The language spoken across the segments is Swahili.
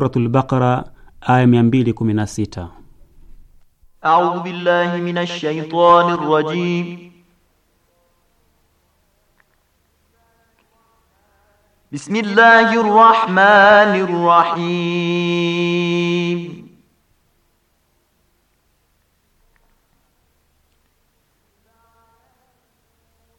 Suratul Baqara aya 216. A'udhu billahi minash shaitanir rajim. Bismillahir rahmanir rahim.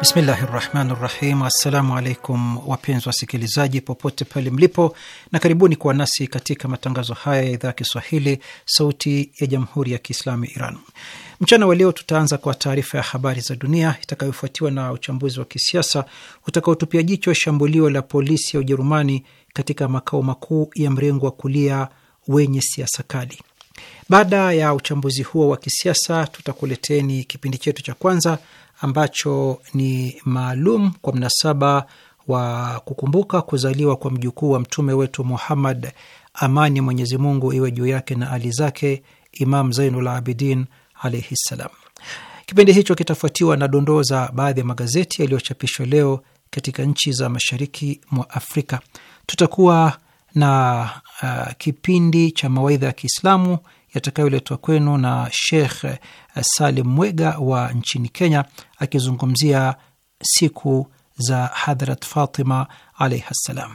Bismillahi rahmani rahim. Assalamu alaikum wapenzi wasikilizaji popote pale mlipo, na karibuni kuwa nasi katika matangazo haya ya idhaa ya Kiswahili, Sauti ya Jamhuri ya Kiislamu ya Iran. Mchana wa leo tutaanza kwa taarifa ya habari za dunia itakayofuatiwa na uchambuzi wa kisiasa utakaotupia jicho shambulio la polisi ya Ujerumani katika makao makuu ya mrengo wa kulia wenye siasa kali. Baada ya uchambuzi huo wa kisiasa, tutakuleteni kipindi chetu cha kwanza ambacho ni maalum kwa mnasaba wa kukumbuka kuzaliwa kwa mjukuu wa mtume wetu Muhammad, amani ya Mwenyezi Mungu iwe juu yake na ali zake, Imam Zainul Abidin alaihi ssalam. Kipindi hicho kitafuatiwa na dondoo za baadhi ya magazeti yaliyochapishwa leo katika nchi za mashariki mwa Afrika. Tutakuwa na uh, kipindi cha mawaidha ya Kiislamu yatakayoletwa kwenu na Sheikh Salim Mwega wa nchini Kenya, akizungumzia siku za Hadhrat Fatima alaihi ssalam.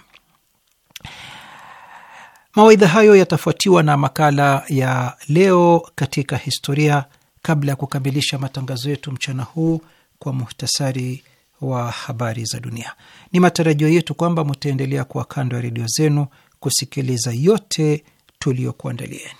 Mawaidha hayo yatafuatiwa na makala ya leo katika historia, kabla ya kukamilisha matangazo yetu mchana huu kwa muhtasari wa habari za dunia. Ni matarajio yetu kwamba mtaendelea kuwa kando ya redio zenu kusikiliza yote tuliyokuandalieni.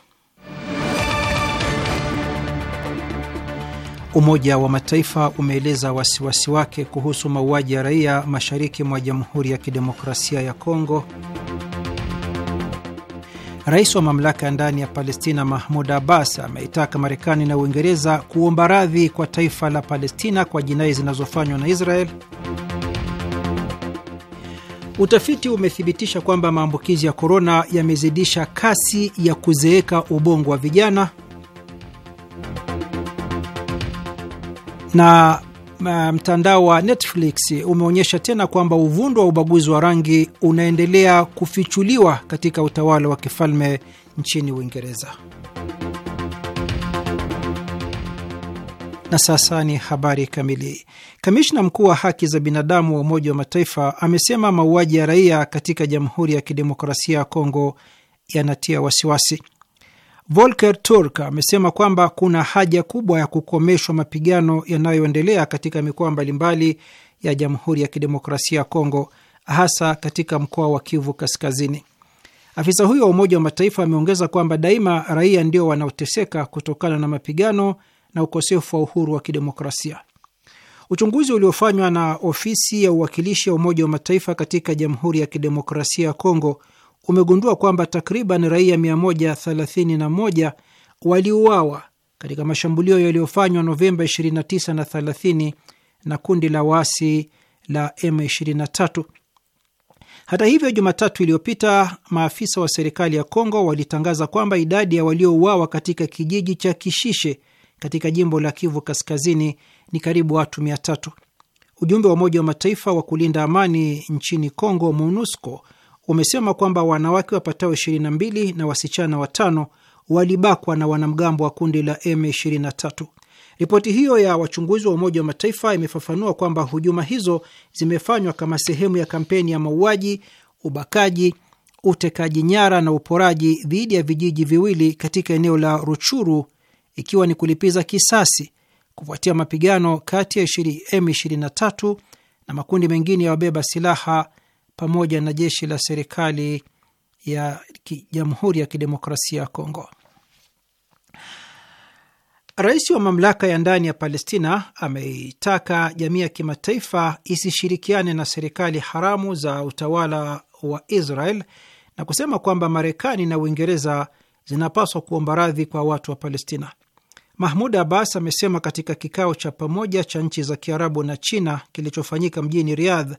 Umoja wa Mataifa umeeleza wasiwasi wake kuhusu mauaji ya raia mashariki mwa Jamhuri ya Kidemokrasia ya Kongo. Rais wa mamlaka ya ndani ya Palestina Mahmud Abbas ameitaka Marekani na Uingereza kuomba radhi kwa taifa la Palestina kwa jinai zinazofanywa na Israel. Utafiti umethibitisha kwamba maambukizi ya korona yamezidisha kasi ya kuzeeka ubongo wa vijana. na um, mtandao wa Netflix umeonyesha tena kwamba uvundo wa ubaguzi wa rangi unaendelea kufichuliwa katika utawala wa kifalme nchini Uingereza. Na sasa ni habari kamili. Kamishna mkuu wa haki za binadamu wa Umoja wa Mataifa amesema mauaji ya raia katika Jamhuri ya Kidemokrasia ya Kongo yanatia wasiwasi. Volker Turk amesema kwamba kuna haja kubwa ya kukomeshwa mapigano yanayoendelea katika mikoa mbalimbali ya Jamhuri ya Kidemokrasia ya Kongo, hasa katika mkoa wa Kivu Kaskazini. Afisa huyo wa Umoja wa Mataifa ameongeza kwamba daima raia ndio wanaoteseka kutokana na mapigano na ukosefu wa uhuru wa kidemokrasia. Uchunguzi uliofanywa na ofisi ya uwakilishi ya Umoja wa Mataifa katika Jamhuri ya Kidemokrasia ya Kongo umegundua kwamba takriban raia 131 waliuawa katika mashambulio yaliyofanywa Novemba 29 na 30 na kundi la waasi la M23. Hata hivyo, Jumatatu iliyopita maafisa wa serikali ya Kongo walitangaza kwamba idadi ya waliouawa katika kijiji cha Kishishe katika jimbo la Kivu Kaskazini ni karibu watu 300. Ujumbe wa Umoja wa Mataifa wa kulinda amani nchini Kongo, MONUSCO, umesema kwamba wanawake wapatao 22 na wasichana watano walibakwa na wanamgambo wa kundi la M23. Ripoti hiyo ya wachunguzi wa Umoja wa Mataifa imefafanua kwamba hujuma hizo zimefanywa kama sehemu ya kampeni ya mauaji, ubakaji, utekaji nyara na uporaji dhidi ya vijiji viwili katika eneo la Ruchuru, ikiwa ni kulipiza kisasi kufuatia mapigano kati ya M23 na makundi mengine ya wabeba silaha pamoja na jeshi la serikali ya Jamhuri ya Kidemokrasia ya Kongo. Rais wa mamlaka ya ndani ya Palestina ameitaka jamii ya kimataifa isishirikiane na serikali haramu za utawala wa Israel na kusema kwamba Marekani na Uingereza zinapaswa kuomba radhi kwa watu wa Palestina. Mahmud Abbas amesema katika kikao cha pamoja cha nchi za Kiarabu na China kilichofanyika mjini Riyadh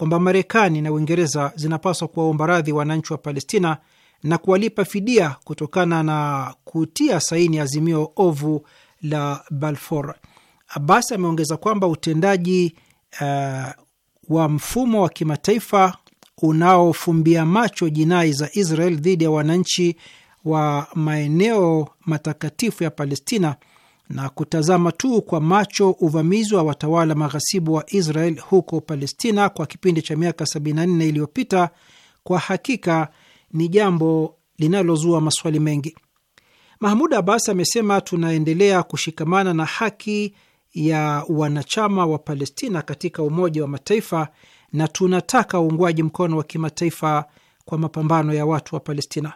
kwamba Marekani na Uingereza zinapaswa kuwaomba radhi wananchi wa Palestina na kuwalipa fidia kutokana na kutia saini azimio ovu la Balfour. Abbas ameongeza kwamba utendaji uh, wa mfumo wa kimataifa unaofumbia macho jinai za Israel dhidi ya wananchi wa maeneo matakatifu ya Palestina na kutazama tu kwa macho uvamizi wa watawala maghasibu wa Israel huko Palestina kwa kipindi cha miaka 74 iliyopita, kwa hakika ni jambo linalozua maswali mengi. Mahmud Abbas amesema tunaendelea kushikamana na haki ya wanachama wa Palestina katika Umoja wa Mataifa na tunataka uungwaji mkono wa kimataifa kwa mapambano ya watu wa Palestina.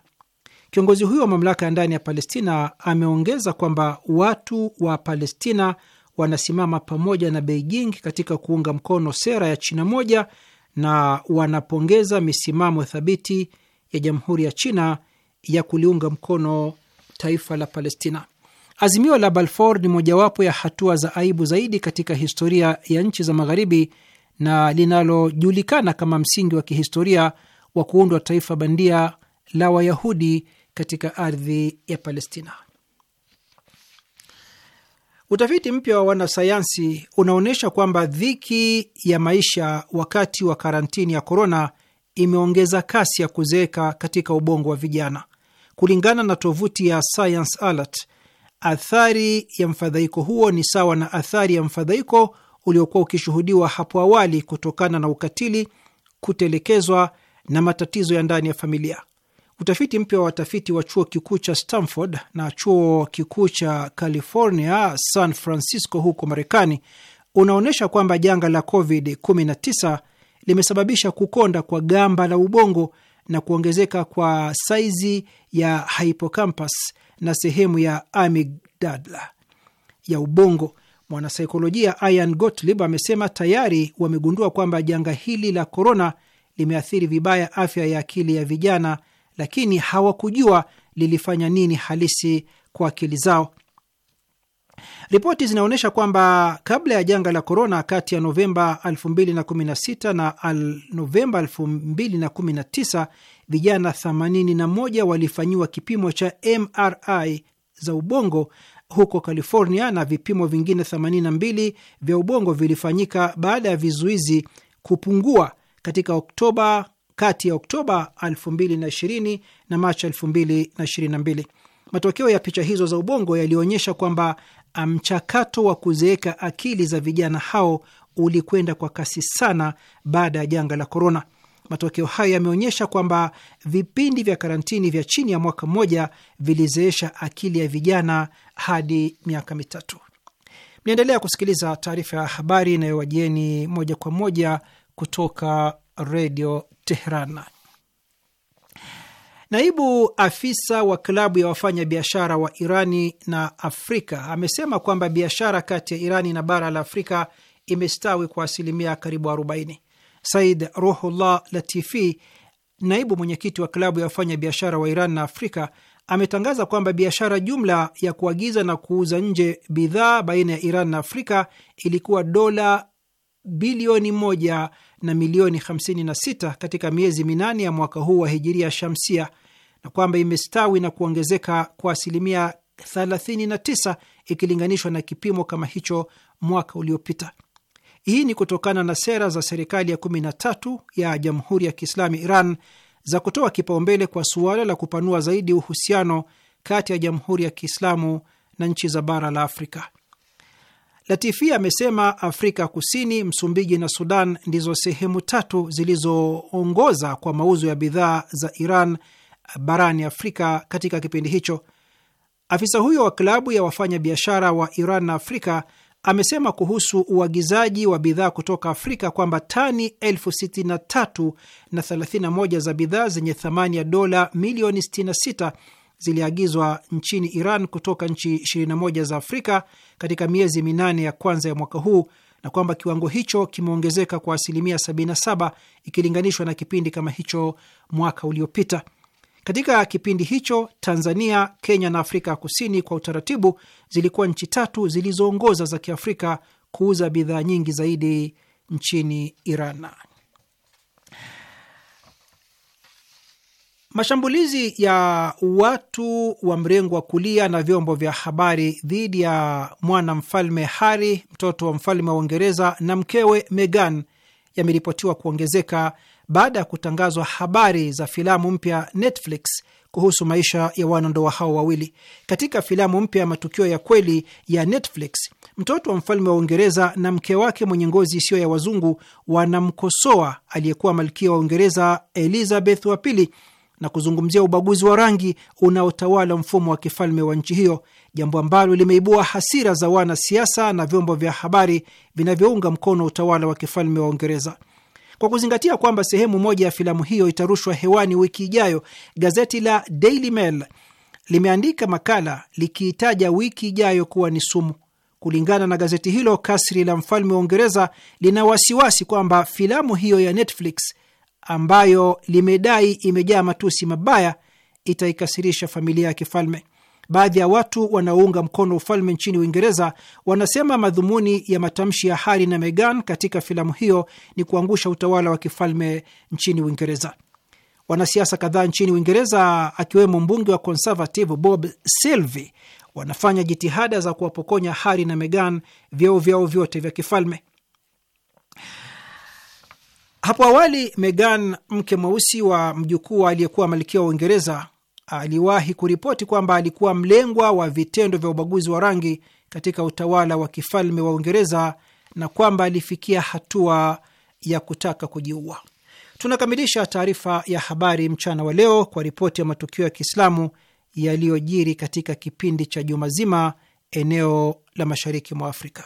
Kiongozi huyo wa mamlaka ya ndani ya Palestina ameongeza kwamba watu wa Palestina wanasimama pamoja na Beijing katika kuunga mkono sera ya China moja na wanapongeza misimamo thabiti ya jamhuri ya China ya kuliunga mkono taifa la Palestina. Azimio la Balfour ni mojawapo ya hatua za aibu zaidi katika historia ya nchi za Magharibi na linalojulikana kama msingi wa kihistoria wa kuundwa taifa bandia la Wayahudi katika ardhi ya Palestina. Utafiti mpya wa wanasayansi unaonyesha kwamba dhiki ya maisha wakati wa karantini ya korona imeongeza kasi ya kuzeeka katika ubongo wa vijana. Kulingana na tovuti ya Science Alert, athari ya mfadhaiko huo ni sawa na athari ya mfadhaiko uliokuwa ukishuhudiwa hapo awali kutokana na ukatili, kutelekezwa na matatizo ya ndani ya familia. Utafiti mpya wa watafiti wa chuo kikuu cha Stanford na chuo kikuu cha California San Francisco huko Marekani unaonyesha kwamba janga la COVID-19 limesababisha kukonda kwa gamba la ubongo na kuongezeka kwa saizi ya hippocampus na sehemu ya amigdala ya ubongo. Mwanasaikolojia Ian Gottlieb amesema tayari wamegundua kwamba janga hili la korona limeathiri vibaya afya ya akili ya vijana lakini hawakujua lilifanya nini halisi kwa akili zao. Ripoti zinaonyesha kwamba kabla ya janga la korona, kati ya Novemba 2016 na Novemba 2019 vijana 81 walifanyiwa kipimo cha MRI za ubongo huko California na vipimo vingine 82 vya ubongo vilifanyika baada ya vizuizi kupungua katika Oktoba kati ya Oktoba 2020 na Machi 2022. Matokeo ya picha hizo za ubongo yalionyesha kwamba um, mchakato wa kuzeeka akili za vijana hao ulikwenda kwa kasi sana baada ya janga la korona. Matokeo hayo yameonyesha kwamba vipindi vya karantini vya chini ya mwaka mmoja vilizeesha akili ya vijana hadi miaka mitatu. Mnaendelea kusikiliza taarifa ya habari inayowajieni moja kwa moja kutoka Redio Teheran. Naibu afisa wa klabu ya wafanyabiashara wa Irani na Afrika amesema kwamba biashara kati ya Irani na bara la Afrika imestawi kwa asilimia karibu 40. Said Ruhullah Latifi, naibu mwenyekiti wa klabu ya wafanyabiashara wa Iran na Afrika, ametangaza kwamba biashara jumla ya kuagiza na kuuza nje bidhaa baina ya Iran na Afrika ilikuwa dola bilioni moja na milioni 56 katika miezi minane ya mwaka huu wa hijiria shamsia na kwamba imestawi na kuongezeka kwa asilimia 39 ikilinganishwa na kipimo kama hicho mwaka uliopita. Hii ni kutokana na sera za serikali ya 13 ya Jamhuri ya Kiislamu Iran za kutoa kipaumbele kwa suala la kupanua zaidi uhusiano kati ya Jamhuri ya Kiislamu na nchi za bara la Afrika. Latifi amesema Afrika Kusini, Msumbiji na Sudan ndizo sehemu tatu zilizoongoza kwa mauzo ya bidhaa za Iran barani Afrika katika kipindi hicho. Afisa huyo wa klabu ya wafanyabiashara wa Iran na Afrika amesema kuhusu uagizaji wa bidhaa kutoka Afrika kwamba tani elfu sitini na tatu na thelathini na moja za bidhaa zenye thamani ya dola milioni ziliagizwa nchini Iran kutoka nchi 21 za Afrika katika miezi minane ya kwanza ya mwaka huu na kwamba kiwango hicho kimeongezeka kwa asilimia 77 ikilinganishwa na kipindi kama hicho mwaka uliopita. Katika kipindi hicho Tanzania, Kenya na Afrika ya Kusini kwa utaratibu zilikuwa nchi tatu zilizoongoza za Kiafrika kuuza bidhaa nyingi zaidi nchini Iran. Mashambulizi ya watu wa mrengo wa kulia na vyombo vya habari dhidi ya mwanamfalme Harry, mtoto wa mfalme wa Uingereza na mkewe Meghan yameripotiwa kuongezeka baada ya kutangazwa habari za filamu mpya Netflix kuhusu maisha ya wanandoa hao wawili. Katika filamu mpya ya matukio ya kweli ya Netflix, mtoto wa mfalme wa Uingereza na mke wake mwenye ngozi isiyo ya wazungu wanamkosoa aliyekuwa malkia wa Uingereza Elizabeth wa pili na kuzungumzia ubaguzi wa rangi unaotawala mfumo wa kifalme wa nchi hiyo, jambo ambalo limeibua hasira za wanasiasa na vyombo vya habari vinavyounga mkono utawala wa kifalme wa Uingereza. Kwa kuzingatia kwamba sehemu moja ya filamu hiyo itarushwa hewani wiki ijayo, gazeti la Daily Mail limeandika makala likiitaja wiki ijayo kuwa ni sumu. Kulingana na gazeti hilo, kasri la mfalme wa Uingereza lina wasiwasi kwamba filamu hiyo ya Netflix ambayo limedai imejaa matusi mabaya itaikasirisha familia ya kifalme. Baadhi ya watu wanaounga mkono ufalme nchini Uingereza wanasema madhumuni ya matamshi ya Harry na Meghan katika filamu hiyo ni kuangusha utawala wa kifalme nchini Uingereza. Wanasiasa kadhaa nchini Uingereza akiwemo mbunge wa Conservative Bob Selby wanafanya jitihada za kuwapokonya Harry na Meghan vyeo vyao vyote vya kifalme. Hapo awali Megan, mke mweusi wa mjukuu aliyekuwa malkia wa Uingereza, aliwahi kuripoti kwamba alikuwa mlengwa wa vitendo vya ubaguzi wa rangi katika utawala wa kifalme wa Uingereza na kwamba alifikia hatua ya kutaka kujiua. Tunakamilisha taarifa ya habari mchana wa leo kwa ripoti ya matukio ya Kiislamu yaliyojiri katika kipindi cha juma zima eneo la mashariki mwa Afrika.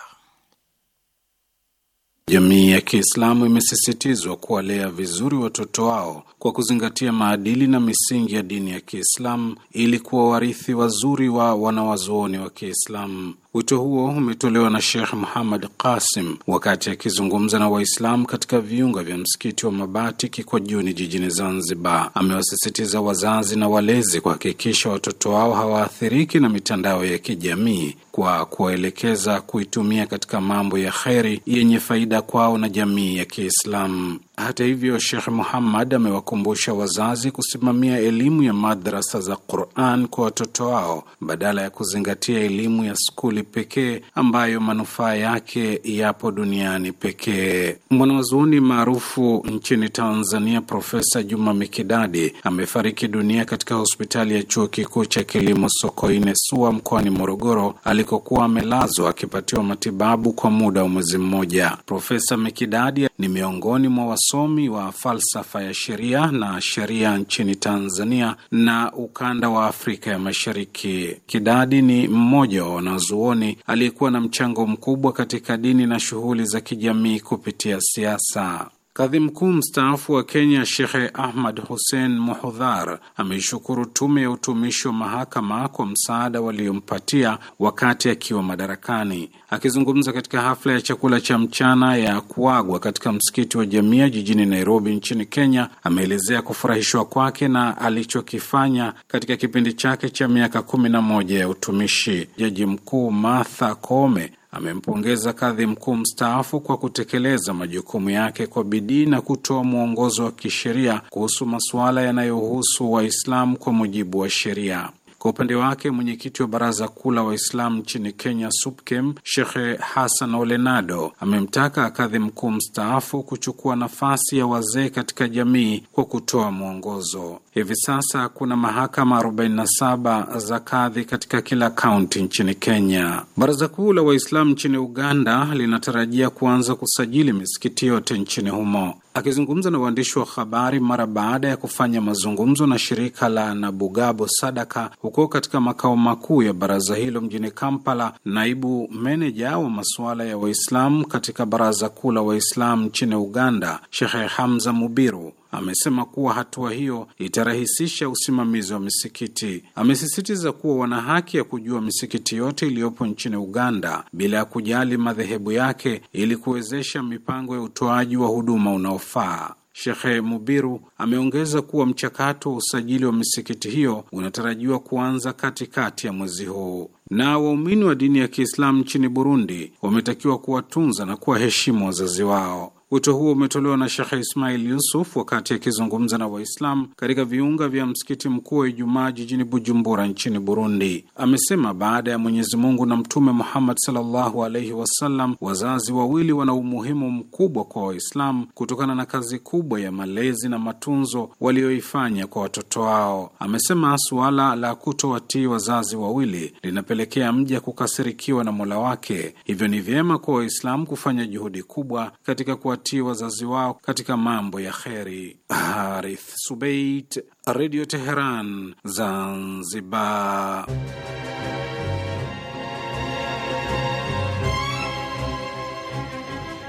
Jamii ya Kiislamu imesisitizwa kuwalea vizuri watoto wao kwa kuzingatia maadili na misingi ya dini ya Kiislamu ili kuwa warithi wazuri wa wanawazuoni wa Kiislamu. Wito huo umetolewa na Sheikh Muhammad Qasim wakati akizungumza na Waislamu katika viunga vya msikiti wa Mabati Kikwajuni jijini Zanzibar. Amewasisitiza wazazi na walezi kuhakikisha watoto wao hawaathiriki na mitandao ya kijamii kwa kuwaelekeza kuitumia katika mambo ya kheri yenye faida kwao na jamii ya Kiislamu. Hata hivyo, Shekh Muhammad amewakumbusha wazazi kusimamia elimu ya madrasa za Quran kwa watoto wao badala ya kuzingatia elimu ya skuli pekee ambayo manufaa yake yapo duniani pekee. Mwanazuoni maarufu nchini Tanzania Profesa Juma Mikidadi amefariki dunia katika hospitali ya chuo kikuu cha kilimo Sokoine SUA mkoani Morogoro alikokuwa amelazwa akipatiwa matibabu kwa muda wa mwezi mmoja. Profesa Mikidadi ni miongoni mwa msomi wa falsafa ya sheria na sheria nchini Tanzania na ukanda wa Afrika ya Mashariki. Kidadi ni mmoja wa wanazuoni aliyekuwa na mchango mkubwa katika dini na shughuli za kijamii kupitia siasa. Kadhi mkuu mstaafu wa Kenya Shekhe Ahmad Hussein Muhudhar ameishukuru tume ya utumishi wa mahakama kwa msaada waliompatia wakati akiwa madarakani. Akizungumza katika hafla ya chakula cha mchana ya kuagwa katika msikiti wa Jamia jijini Nairobi nchini Kenya, ameelezea kufurahishwa kwake na alichokifanya katika kipindi chake cha miaka kumi na moja ya utumishi. Jaji mkuu Martha Koome amempongeza kadhi mkuu mstaafu kwa kutekeleza majukumu yake kwa bidii na kutoa mwongozo wa kisheria kuhusu masuala yanayohusu Waislamu kwa mujibu wa sheria. Kwa upande wake mwenyekiti wa baraza kuu la Waislamu nchini Kenya, SUPKEM, Shekhe Hasan Olenado amemtaka akadhi mkuu mstaafu kuchukua nafasi ya wazee katika jamii kwa kutoa mwongozo. Hivi sasa kuna mahakama 47 za kadhi katika kila kaunti nchini Kenya. Baraza kuu la Waislamu nchini Uganda linatarajia kuanza kusajili misikiti yote nchini humo. Akizungumza na waandishi wa habari mara baada ya kufanya mazungumzo na shirika la Nabugabo Sadaka huko katika makao makuu ya baraza hilo mjini Kampala, naibu meneja wa masuala ya Waislamu katika baraza kuu la Waislamu nchini Uganda, Shehe Hamza Mubiru amesema kuwa hatua hiyo itarahisisha usimamizi wa misikiti. Amesisitiza kuwa wana haki ya kujua misikiti yote iliyopo nchini Uganda bila ya kujali madhehebu yake ili kuwezesha mipango ya utoaji wa huduma unaofaa. Shekhe Mubiru ameongeza kuwa mchakato wa usajili wa misikiti hiyo unatarajiwa kuanza katikati ya mwezi huu. Na waumini wa dini ya Kiislamu nchini Burundi wametakiwa kuwatunza na kuwaheshimu wazazi wao. Wito huo umetolewa na Shekhe Ismail Yusuf wakati akizungumza na Waislamu katika viunga vya msikiti mkuu wa Ijumaa jijini Bujumbura nchini Burundi. Amesema baada ya Mwenyezi Mungu na Mtume Muhammad sallallahu alaihi wasallam, wazazi wawili wana umuhimu mkubwa kwa Waislamu kutokana na kazi kubwa ya malezi na matunzo walioifanya kwa watoto wao. Amesema suala la kutowatii wazazi wawili linapelekea mja kukasirikiwa na Mola wake, hivyo ni vyema kwa Waislamu kufanya juhudi kubwa katika kuwatii wazazi wao katika mambo ya kheri. Harith Subeit, Redio Teheran, Zanzibar.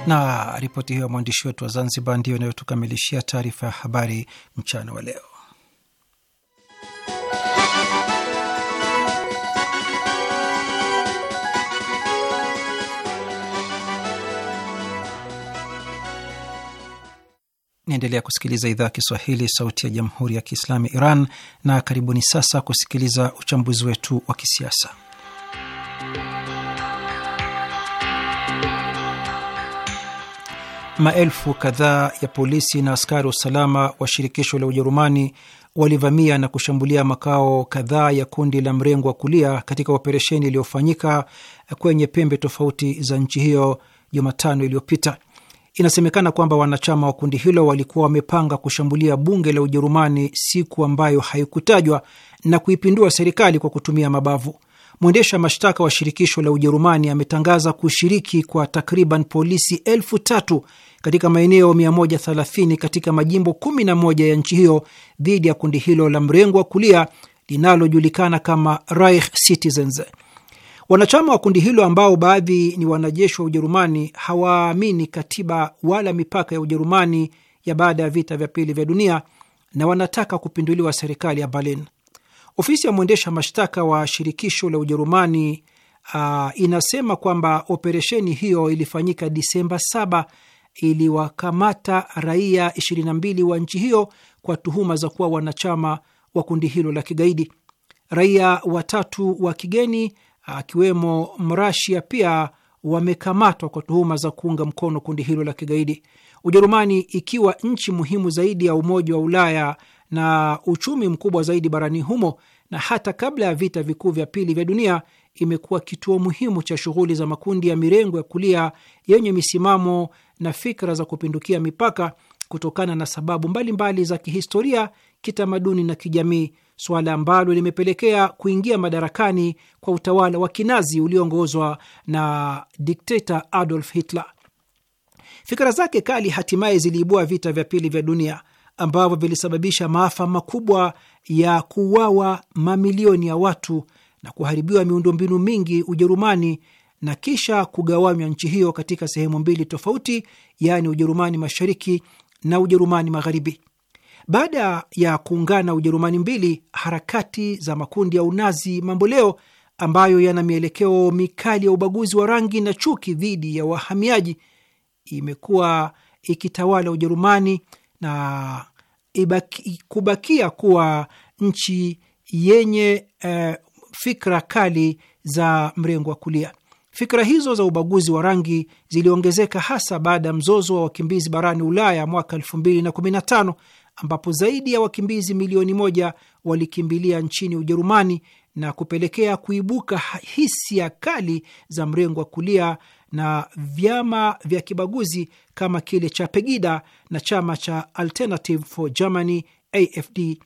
Na ripoti hiyo ya mwandishi wetu wa Zanzibar ndiyo inayotukamilishia taarifa ya habari mchana wa leo. Naendelea kusikiliza idhaa ya Kiswahili, sauti ya jamhuri ya kiislamu ya Iran, na karibuni sasa kusikiliza uchambuzi wetu wa kisiasa. Maelfu kadhaa ya polisi na askari wa usalama wa shirikisho la Ujerumani walivamia na kushambulia makao kadhaa ya kundi la mrengo wa kulia katika operesheni iliyofanyika kwenye pembe tofauti za nchi hiyo Jumatano iliyopita. Inasemekana kwamba wanachama wa kundi hilo walikuwa wamepanga kushambulia bunge la Ujerumani siku ambayo haikutajwa na kuipindua serikali kwa kutumia mabavu. Mwendesha mashtaka wa shirikisho la Ujerumani ametangaza kushiriki kwa takriban polisi elfu tatu katika maeneo 130 katika majimbo 11 ya nchi hiyo dhidi ya kundi hilo la mrengo wa kulia linalojulikana kama Reich Citizens. Wanachama wa kundi hilo ambao baadhi ni wanajeshi wa Ujerumani hawaamini katiba wala mipaka ya Ujerumani ya baada ya vita vya pili vya dunia na wanataka kupinduliwa serikali ya Berlin. Ofisi ya mwendesha mashtaka wa shirikisho la Ujerumani uh, inasema kwamba operesheni hiyo ilifanyika Disemba 7 iliwakamata raia 22 wa nchi hiyo kwa tuhuma za kuwa wanachama wa kundi hilo la kigaidi. Raia watatu wa kigeni akiwemo Mrasia pia wamekamatwa kwa tuhuma za kuunga mkono kundi hilo la kigaidi. Ujerumani ikiwa nchi muhimu zaidi ya Umoja wa Ulaya na uchumi mkubwa zaidi barani humo, na hata kabla ya vita vikuu vya pili vya dunia imekuwa kituo muhimu cha shughuli za makundi ya mirengo ya kulia yenye misimamo na fikra za kupindukia mipaka kutokana na sababu mbalimbali mbali za kihistoria kitamaduni na kijamii, suala ambalo limepelekea kuingia madarakani kwa utawala wa kinazi ulioongozwa na dikteta Adolf Hitler. Fikra zake kali hatimaye ziliibua vita vya pili vya dunia ambavyo vilisababisha maafa makubwa ya kuuawa mamilioni ya watu na kuharibiwa miundombinu mingi Ujerumani na kisha kugawanywa nchi hiyo katika sehemu mbili tofauti, yaani Ujerumani Mashariki na Ujerumani Magharibi. Baada ya kuungana Ujerumani mbili, harakati za makundi ya unazi mamboleo ambayo yana mielekeo mikali ya ubaguzi wa rangi na chuki dhidi ya wahamiaji imekuwa ikitawala Ujerumani na ibaki, kubakia kuwa nchi yenye eh, fikra kali za mrengo wa kulia. Fikra hizo za ubaguzi wa rangi ziliongezeka hasa baada ya mzozo wa wakimbizi barani Ulaya mwaka elfu mbili na kumi na tano ambapo zaidi ya wakimbizi milioni moja walikimbilia nchini Ujerumani na kupelekea kuibuka hisia kali za mrengo wa kulia na vyama vya kibaguzi kama kile cha Pegida na chama cha Alternative for Germany AFD.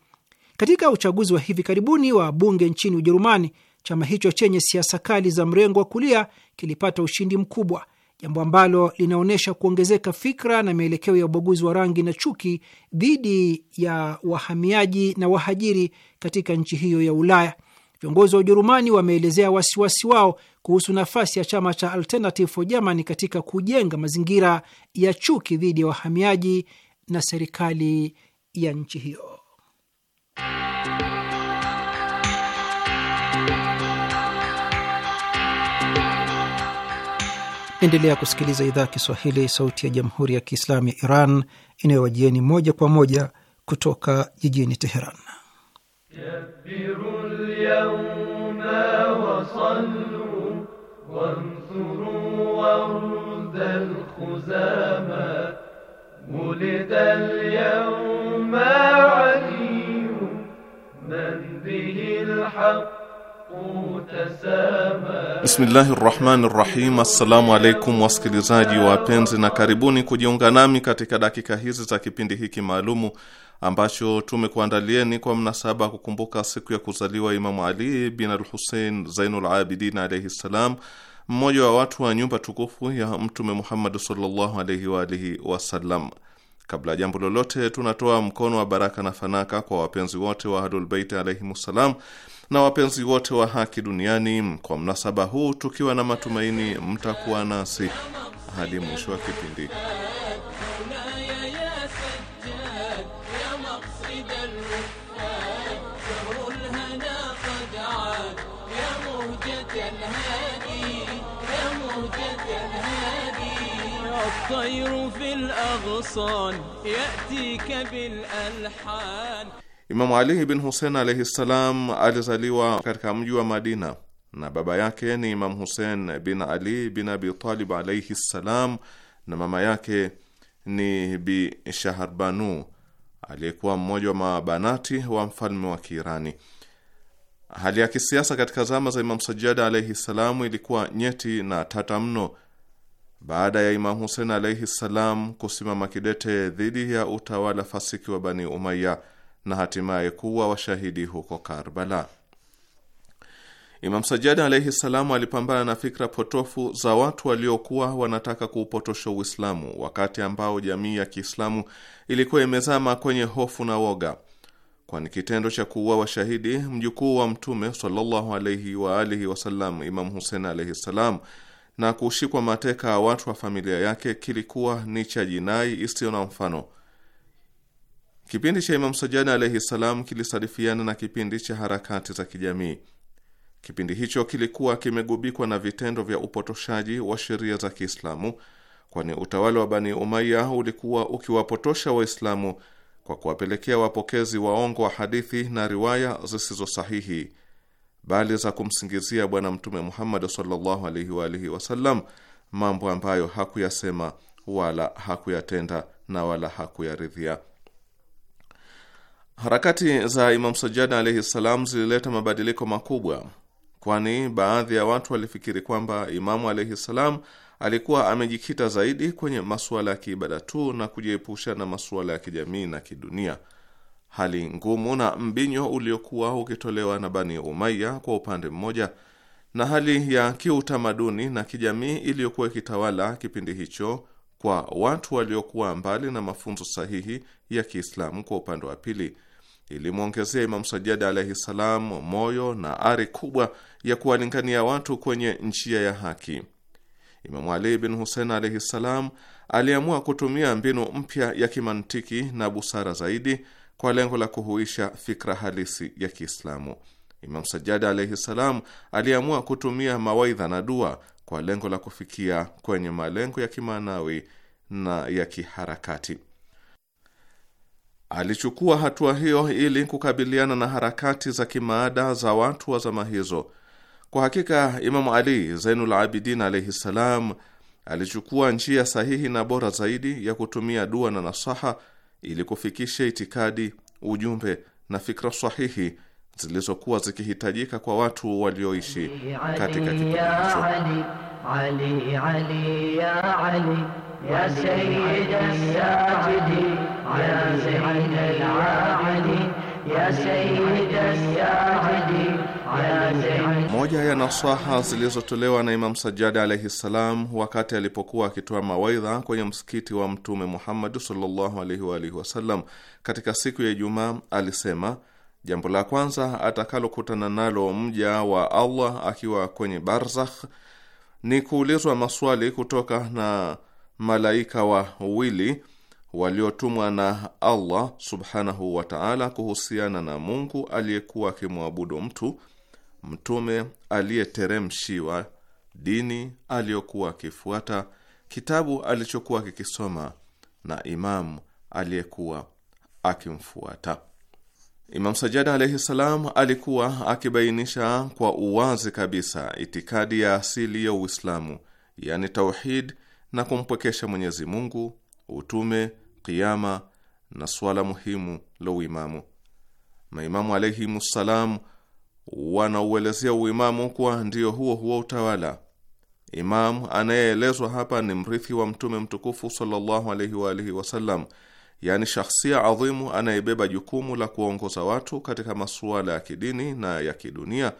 Katika uchaguzi wa hivi karibuni wa bunge nchini Ujerumani, chama hicho chenye siasa kali za mrengo wa kulia kilipata ushindi mkubwa jambo ambalo linaonyesha kuongezeka fikra na mielekeo ya ubaguzi wa rangi na chuki dhidi ya wahamiaji na wahajiri katika nchi hiyo ya Ulaya. Viongozi wa Ujerumani wameelezea wasiwasi wao kuhusu nafasi ya chama cha Alternative for Germany katika kujenga mazingira ya chuki dhidi ya wahamiaji na serikali ya nchi hiyo. Endelea kusikiliza idhaa Kiswahili, sauti ya jamhuri ya kiislamu ya Iran inayowajieni moja kwa moja kutoka jijini Teheran. Bismillahi rahmani rahim. Assalamu alaikum wasikilizaji wapenzi, na karibuni kujiunga nami katika dakika hizi za kipindi hiki maalumu ambacho tumekuandalieni kwa mnasaba kukumbuka siku ya kuzaliwa Imamu Ali bin al-Hussein Zainul Abidin alayhi salam, mmoja wa watu wa nyumba tukufu ya Mtume Muhammad sallallahu alayhi wa alihi wasallam. Kabla ya jambo lolote, tunatoa mkono wa baraka na fanaka kwa wapenzi wote wa Ahlul Bait alayhimus salam na wapenzi wote wa haki duniani. Kwa mnasaba huu, tukiwa na matumaini mtakuwa nasi hadi mwisho wa kipindi. Imamu Ali bin Husein alaihi ssalam alizaliwa katika mji wa Madina na baba yake ni imam Husein bin Ali bin Abi Talib alaihi ssalam, na mama yake ni Bi shahrbanu aliyekuwa mmoja wa mabanati wa mfalme wa Kiirani. Hali ya kisiasa katika zama za imam Sajjad alaihi ssalamu ilikuwa nyeti na tata mno. Baada ya imam Husein alaihi ssalam kusimama kidete dhidi ya utawala fasiki wa Bani Umaya, na hatimaye kuwa washahidi huko Karbala. Imam Sajjad alaihi salamu alipambana na fikra potofu za watu waliokuwa wanataka kuupotosha Uislamu wakati ambao jamii ya Kiislamu ilikuwa imezama kwenye hofu na woga, kwani kitendo cha kuua washahidi mjukuu wa Mtume sallallahu alaihi wa alihi wasallam, Imam Husein alaihi salam, na kushikwa mateka watu wa familia yake kilikuwa ni cha jinai isiyo na mfano. Kipindi cha Imam Sajjad alaihi salam kilisadifiana na kipindi cha harakati za kijamii. Kipindi hicho kilikuwa kimegubikwa na vitendo vya upotoshaji wa sheria za Kiislamu, kwani utawala wa Bani Umaya ulikuwa ukiwapotosha Waislamu kwa kuwapelekea wapokezi waongo wa hadithi na riwaya zisizo sahihi, bali za kumsingizia Bwana Mtume Muhammad sallallahu alaihi wasallam mambo ambayo hakuyasema wala hakuyatenda na wala hakuyaridhia. Harakati za Imam Sajjad alaihi ssalam zilileta mabadiliko makubwa, kwani baadhi ya watu walifikiri kwamba Imamu alaihi ssalam alikuwa amejikita zaidi kwenye masuala ya kiibada tu na kujiepusha na masuala ya kijamii na kidunia. Hali ngumu na mbinyo uliokuwa ukitolewa na Bani Umaya kwa upande mmoja, na hali ya kiutamaduni na kijamii iliyokuwa ikitawala kipindi hicho kwa watu waliokuwa mbali na mafunzo sahihi ya Kiislamu. Kwa upande wa pili, ilimwongezea Imamu Sajjad alaihi salam moyo na ari kubwa ya kuwalingania watu kwenye njia ya haki. Imamu Ali bin Husein alaihi salam aliamua kutumia mbinu mpya ya kimantiki na busara zaidi kwa lengo la kuhuisha fikra halisi ya Kiislamu. Imamu Sajjad alaihi salam aliamua kutumia mawaidha na dua kwa lengo la kufikia kwenye malengo ya kimaanawi na ya kiharakati. Alichukua hatua hiyo ili kukabiliana na harakati za kimaada za watu wa zama hizo. Kwa hakika, Imamu Ali Zainul Abidin alaihi ssalam alichukua njia sahihi na bora zaidi ya kutumia dua na nasaha ili kufikisha itikadi, ujumbe na fikra sahihi zilizokuwa zikihitajika kwa watu walioishi katika kipindi Moja ya nasaha zilizotolewa na Imam sajadi alaihi ssalam wakati alipokuwa akitoa mawaidha kwenye msikiti wa Mtume Muhammadi sallallahu alaihi wa alihi wasallam katika siku ya Ijumaa alisema: Jambo la kwanza atakalokutana nalo mja wa Allah akiwa kwenye barzakh ni kuulizwa maswali kutoka na malaika wawili waliotumwa na Allah subhanahu wa ta'ala kuhusiana na Mungu aliyekuwa akimwabudu mtu, mtume aliyeteremshiwa, dini aliyokuwa akifuata, kitabu alichokuwa kikisoma na imamu aliyekuwa akimfuata. Imam Sajjad alayhi salam alikuwa akibainisha kwa uwazi kabisa itikadi ya asili ya Uislamu, yani tauhid, na kumpwekesha Mwenyezi Mungu, utume, kiama na suala muhimu la uimamu. Maimamu alaihimu salam wanauelezea uimamu kuwa ndio huo huo utawala. Imamu anayeelezwa hapa ni mrithi wa Mtume mtukufu sallallahu alayhi wa alihi wasallam yaani shahsia adhimu anayebeba jukumu la kuongoza watu katika masuala ya kidini na ya kidunia,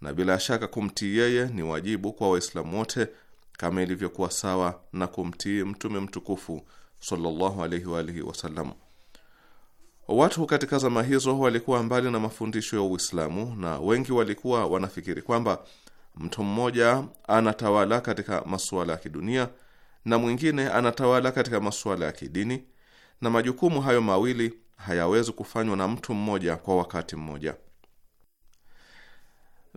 na bila shaka kumtii yeye ni wajibu kwa Waislamu wote kama ilivyokuwa sawa na kumtii Mtume mtukufu sallallahu alaihi wa alihi wasallam. Watu katika zama hizo walikuwa mbali na mafundisho ya Uislamu na wengi walikuwa wanafikiri kwamba mtu mmoja anatawala katika masuala ya kidunia na mwingine anatawala katika masuala ya kidini na majukumu hayo mawili hayawezi kufanywa na mtu mmoja kwa wakati mmoja.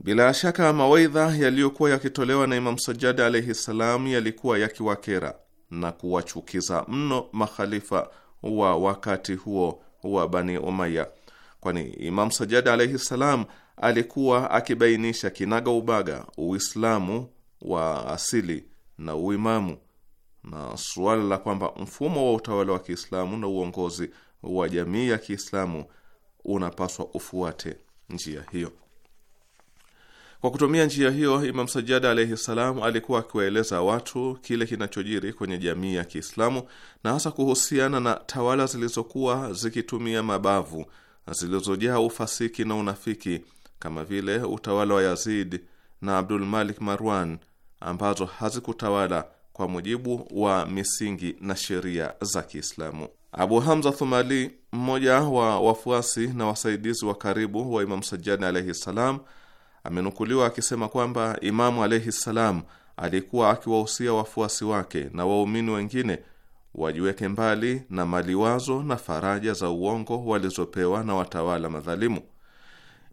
Bila shaka mawaidha yaliyokuwa yakitolewa na Imam Sajjad alaihi salam yalikuwa yakiwakera na kuwachukiza mno makhalifa wa wakati huo wa Bani Umaya, kwani Imam Sajjad alaihi salam alikuwa akibainisha kinaga ubaga Uislamu wa asili na uimamu na suala la kwamba mfumo wa utawala wa Kiislamu na uongozi wa jamii ya Kiislamu unapaswa ufuate njia hiyo. Kwa kutumia njia hiyo, Imam Sajjad alayhi salam alikuwa akiwaeleza watu kile kinachojiri kwenye jamii ya Kiislamu na hasa kuhusiana na tawala zilizokuwa zikitumia mabavu zilizojaa ufasiki na unafiki kama vile utawala wa Yazid na Abdul Malik Marwan ambazo hazikutawala kwa mujibu wa misingi na sheria za Kiislamu. Abu Hamza Thumali, mmoja wa wafuasi na wasaidizi wa karibu wa Imamu Sajjadi alaihi ssalam, amenukuliwa akisema kwamba Imamu alaihi ssalam alikuwa akiwahusia wafuasi wake na waumini wengine wajiweke mbali na maliwazo na faraja za uongo walizopewa na watawala madhalimu.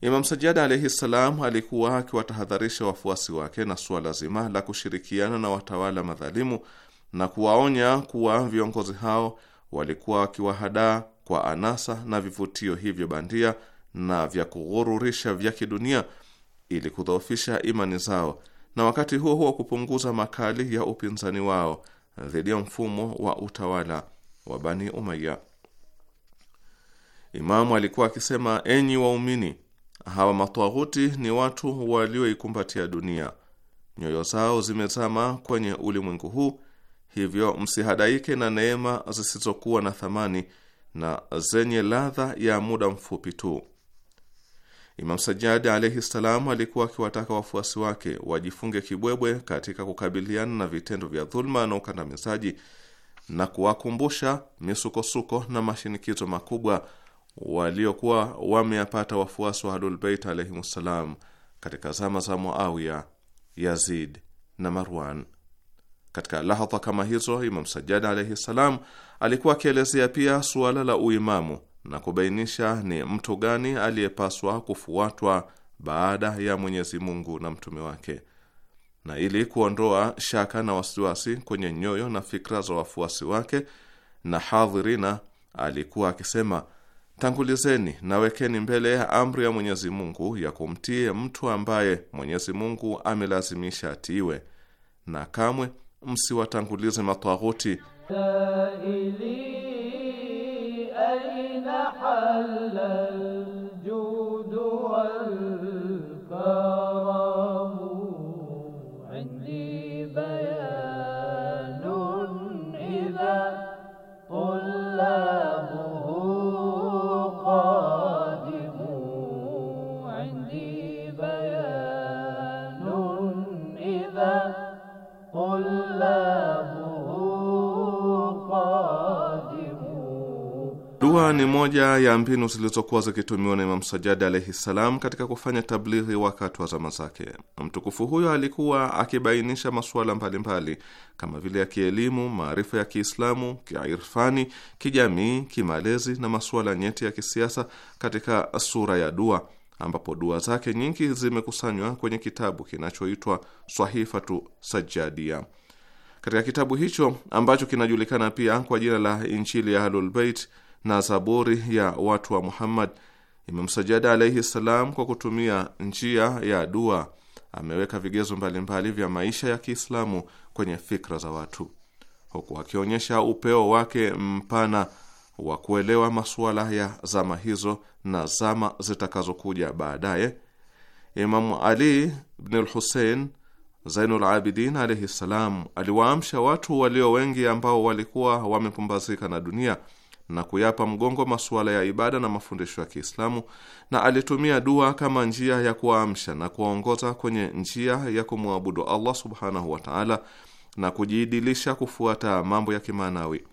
Imam Sajjad alaihi ssalam alikuwa akiwatahadharisha wafuasi wake na suala zima la kushirikiana na watawala madhalimu na kuwaonya kuwa viongozi hao walikuwa wakiwahadaa kwa anasa na vivutio hivyo bandia na vya kughururisha vya kidunia ili kudhoofisha imani zao na wakati huo huo kupunguza makali ya upinzani wao dhidi ya mfumo wa utawala wa Bani Umayya. Imamu alikuwa akisema, enyi waumini Hawa matwaghuti ni watu walioikumbatia dunia, nyoyo zao zimezama kwenye ulimwengu huu. Hivyo msihadaike na neema zisizokuwa na thamani na zenye ladha ya muda mfupi tu. Imam Sajjad alaihi ssalam alikuwa akiwataka wafuasi wake wajifunge kibwebwe katika kukabiliana na vitendo vya dhuluma na ukandamizaji na kuwakumbusha misukosuko na mashinikizo makubwa waliokuwa wameyapata wafuasi wa Ahlulbeit alaihimussalam katika zama za Muawiya, Yazid na Marwan. Katika lahadha kama hizo, Imam Sajjad alaihi ssalam alikuwa akielezea pia suala la uimamu na kubainisha ni mtu gani aliyepaswa kufuatwa baada ya Mwenyezi Mungu na mtume wake. Na ili kuondoa shaka na wasiwasi kwenye nyoyo na fikra za wafuasi wake na hadhirina, alikuwa akisema Tangulizeni na wekeni mbele ya amri ya Mwenyezi Mungu ya kumtii mtu ambaye Mwenyezi Mungu amelazimisha atiiwe, na kamwe msiwatangulize matwaghuti. Dua ni moja ya mbinu zilizokuwa zikitumiwa na Imam Sajadi alaihi ssalam katika kufanya tablighi wakati wa zama zake. Mtukufu huyo alikuwa akibainisha masuala mbalimbali kama vile ya kielimu, maarifa ya Kiislamu, kiirfani, kijamii, kimalezi na masuala nyeti ya kisiasa katika sura ya dua, ambapo dua zake nyingi zimekusanywa kwenye kitabu kinachoitwa Swahifatu Sajadia. Katika kitabu hicho ambacho kinajulikana pia kwa jina la Injili ya Ahlulbeit na zaburi ya watu wa Muhammad. Imam Sajjad alaihi kwa kutumia njia ya dua, ameweka vigezo mbalimbali vya maisha ya Kiislamu kwenye fikra za watu, huku akionyesha upeo wake mpana wa kuelewa masuala ya zama hizo na zama zitakazokuja baadaye. imam Ali al-Hussein Zainul Abidin alaihi salam aliwaamsha watu walio wengi ambao walikuwa wamepumbazika na dunia na kuyapa mgongo masuala ya ibada na mafundisho ya Kiislamu, na alitumia dua kama njia ya kuwaamsha na kuwaongoza kwenye njia ya kumwabudu Allah subhanahu wa taala na kujiidilisha kufuata mambo ya kimaanawi.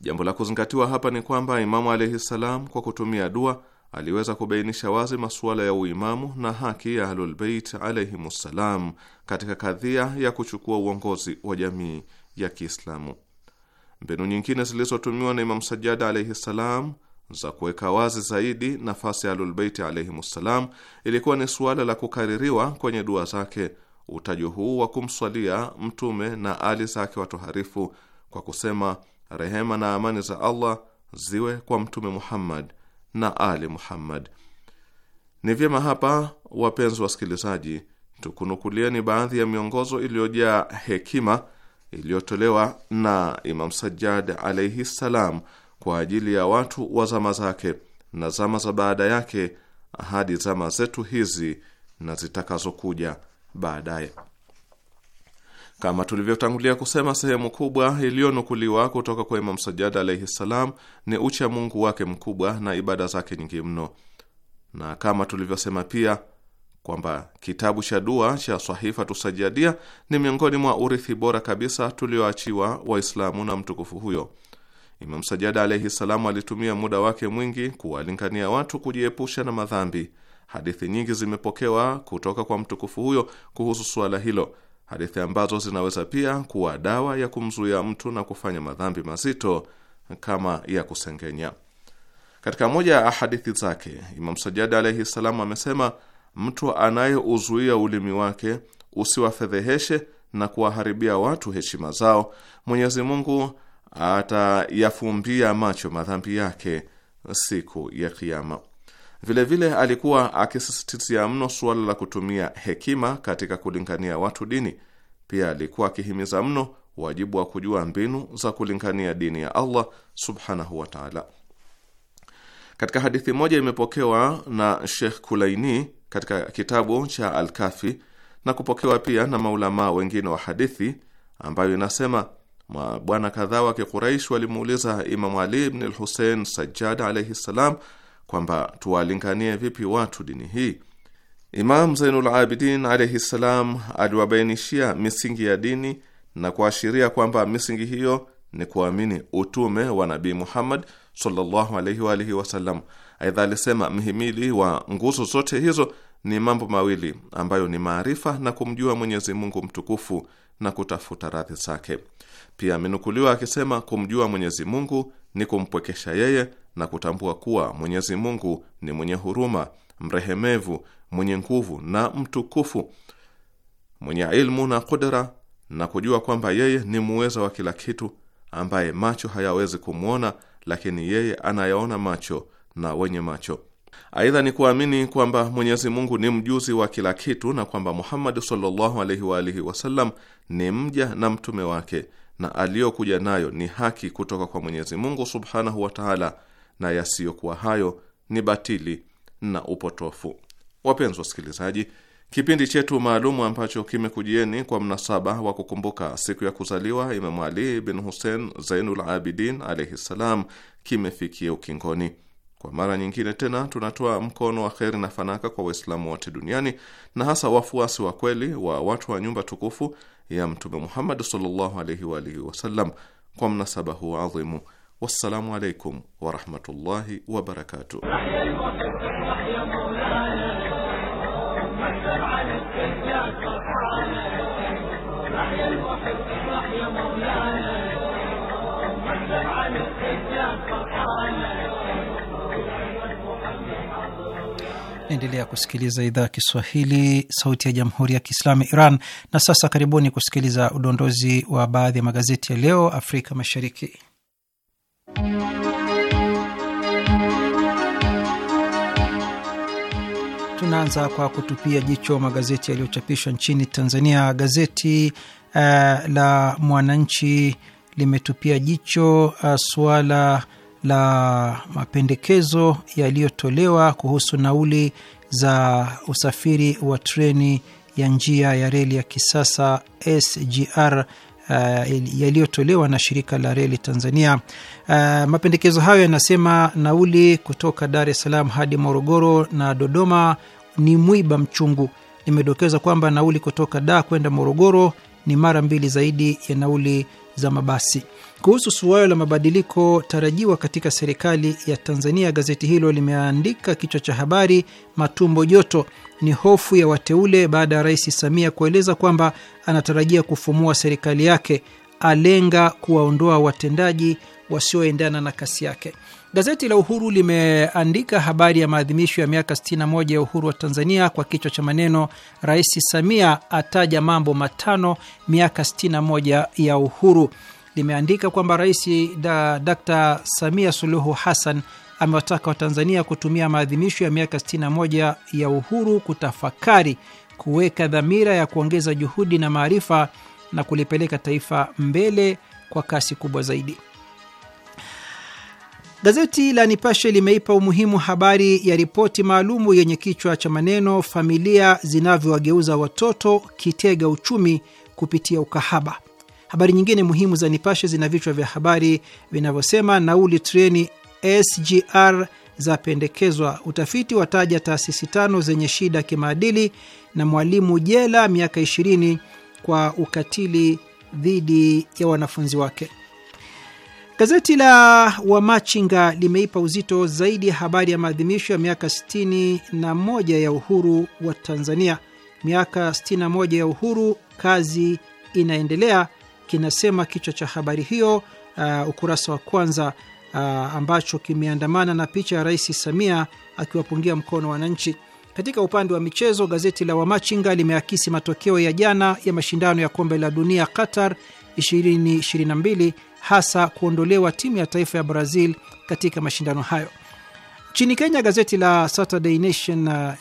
Jambo la kuzingatiwa hapa ni kwamba Imamu alaihi salam kwa kutumia dua aliweza kubainisha wazi masuala ya uimamu na haki ya Ahlulbeit alaihimussalam katika kadhia ya kuchukua uongozi wa jamii ya Kiislamu. Mbinu nyingine zilizotumiwa na Imam Sajjad alaihi ssalam za kuweka wazi zaidi nafasi ya Ahlulbeiti alaihim ssalam ilikuwa ni suala la kukaririwa kwenye dua zake utajo huu wa kumswalia Mtume na ali zake watoharifu kwa kusema rehema na amani za Allah ziwe kwa Mtume Muhammad na ali Muhammad. Ni vyema hapa, wapenzi wasikilizaji, tukunukulieni baadhi ya miongozo iliyojaa hekima iliyotolewa na Imam Sajjad alaihi ssalam kwa ajili ya watu wa zama zake na zama za baada yake hadi zama zetu hizi na zitakazokuja baadaye. Kama tulivyotangulia kusema, sehemu kubwa iliyonukuliwa kutoka kwa Imam Sajjad alaihi ssalam ni ucha Mungu wake mkubwa na ibada zake nyingi mno, na kama tulivyosema pia kwamba kitabu cha dua cha Sahifa Tusajadia ni miongoni mwa urithi bora kabisa tulioachiwa Waislamu na mtukufu huyo. Imam Sajada alaihi salamu alitumia muda wake mwingi kuwalingania watu kujiepusha na madhambi. Hadithi nyingi zimepokewa kutoka kwa mtukufu huyo kuhusu suala hilo, hadithi ambazo zinaweza pia kuwa dawa ya kumzuia mtu na kufanya madhambi mazito kama ya kusengenya. Katika moja ya hadithi zake, Imam Sajada alaihi salamu amesema mtu anayeuzuia ulimi wake usiwafedheheshe na kuwaharibia watu heshima zao, Mwenyezi Mungu atayafumbia macho madhambi yake siku ya kiama Vilevile alikuwa akisisitizia mno suala la kutumia hekima katika kulingania watu dini. Pia alikuwa akihimiza mno wajibu wa kujua mbinu za kulingania dini ya Allah subhanahu wa taala. Katika hadithi moja imepokewa na Sheikh Kulaini katika kitabu cha Alkafi na kupokewa pia na maulamaa wengine wa hadithi, ambayo inasema mabwana kadhaa wa Kikuraish walimuuliza Imamu Ali ibn al Sajjad alayhi salam kwamba tuwalinganie vipi watu dini hii. Imam Zainul Abidin alayhi salam aliwabainishia misingi ya dini na kuashiria kwamba misingi hiyo ni kuamini utume wa Nabii Muhammad sallallahu alayhi wa alihi wasallam Aidha alisema mhimili wa nguzo zote hizo ni mambo mawili ambayo ni maarifa na kumjua Mwenyezi Mungu mtukufu na kutafuta radhi zake. Pia amenukuliwa akisema kumjua Mwenyezi Mungu ni kumpwekesha yeye na kutambua kuwa Mwenyezi Mungu ni mwenye huruma, mrehemevu, mwenye nguvu na mtukufu, mwenye ilmu na kudra, na kujua kwamba yeye ni muweza wa kila kitu, ambaye macho hayawezi kumwona, lakini yeye anayaona macho na wenye macho. Aidha ni kuamini kwamba Mwenyezi Mungu ni mjuzi wa kila kitu na kwamba muhammadi sallallahu alaihi wa alihi wasallam ni mja na mtume wake na aliyokuja nayo ni haki kutoka kwa Mwenyezi Mungu subhanahu wa taala, na yasiyokuwa hayo ni batili na upotofu. Wapenzi wasikilizaji, kipindi chetu maalumu ambacho kimekujieni kwa mnasaba wa kukumbuka siku ya kuzaliwa Imamu Ali bin Hussein Zainul Abidin alaihi ssalam kimefikia ukingoni. Kwa mara nyingine tena tunatoa mkono wa kheri na fanaka kwa Waislamu wote duniani na hasa wafuasi wa kweli wa watu wa nyumba tukufu ya Mtume Muhammad sallallahu alaihi wa alihi wasallam kwa mnasaba huu adhimu. Wassalamu alaikum warahmatullahi wabarakatuh. Naendelea kusikiliza idhaa ya Kiswahili, sauti ya jamhuri ya kiislamu Iran. Na sasa karibuni kusikiliza udondozi wa baadhi ya magazeti ya leo Afrika Mashariki. Tunaanza kwa kutupia jicho magazeti yaliyochapishwa nchini Tanzania. Gazeti uh, la Mwananchi limetupia jicho uh, suala la mapendekezo yaliyotolewa kuhusu nauli za usafiri wa treni ya njia ya reli ya kisasa SGR uh, eh, yaliyotolewa na shirika la reli Tanzania. Uh, mapendekezo hayo yanasema nauli kutoka Dar es Salaam hadi Morogoro na Dodoma ni mwiba mchungu. Limedokeza kwamba nauli kutoka Dar kwenda Morogoro ni mara mbili zaidi ya nauli za mabasi. Kuhusu suala la mabadiliko tarajiwa katika serikali ya Tanzania, gazeti hilo limeandika kichwa cha habari, matumbo joto ni hofu ya wateule baada ya Rais Samia kueleza kwamba anatarajia kufumua serikali yake, alenga kuwaondoa watendaji wasioendana na kasi yake. Gazeti la Uhuru limeandika habari ya maadhimisho ya miaka 61 ya uhuru wa Tanzania kwa kichwa cha maneno, Rais Samia ataja mambo matano miaka 61 ya uhuru limeandika kwamba Rais da, Dr Samia Suluhu Hassan amewataka Watanzania kutumia maadhimisho ya miaka 61 ya uhuru kutafakari, kuweka dhamira ya kuongeza juhudi na maarifa na kulipeleka taifa mbele kwa kasi kubwa zaidi. Gazeti la Nipashe limeipa umuhimu habari ya ripoti maalumu yenye kichwa cha maneno familia zinavyowageuza watoto kitega uchumi kupitia ukahaba. Habari nyingine muhimu za Nipashe zina vichwa vya habari vinavyosema nauli treni SGR zapendekezwa, utafiti wataja taasisi tano zenye shida kimaadili, na mwalimu jela miaka 20 kwa ukatili dhidi ya wanafunzi wake. Gazeti la Wamachinga limeipa uzito zaidi ya habari ya maadhimisho ya miaka 61 ya uhuru wa Tanzania. Miaka 61 ya uhuru, kazi inaendelea kinasema kichwa cha habari hiyo, uh, ukurasa wa kwanza uh, ambacho kimeandamana na picha ya Rais Samia akiwapungia mkono wananchi. Katika upande wa michezo, gazeti la Wamachinga limeakisi matokeo ya jana ya mashindano ya kombe la dunia Qatar 2022 hasa kuondolewa timu ya taifa ya Brazil katika mashindano hayo. Nchini Kenya, gazeti la Saturday Nation uh,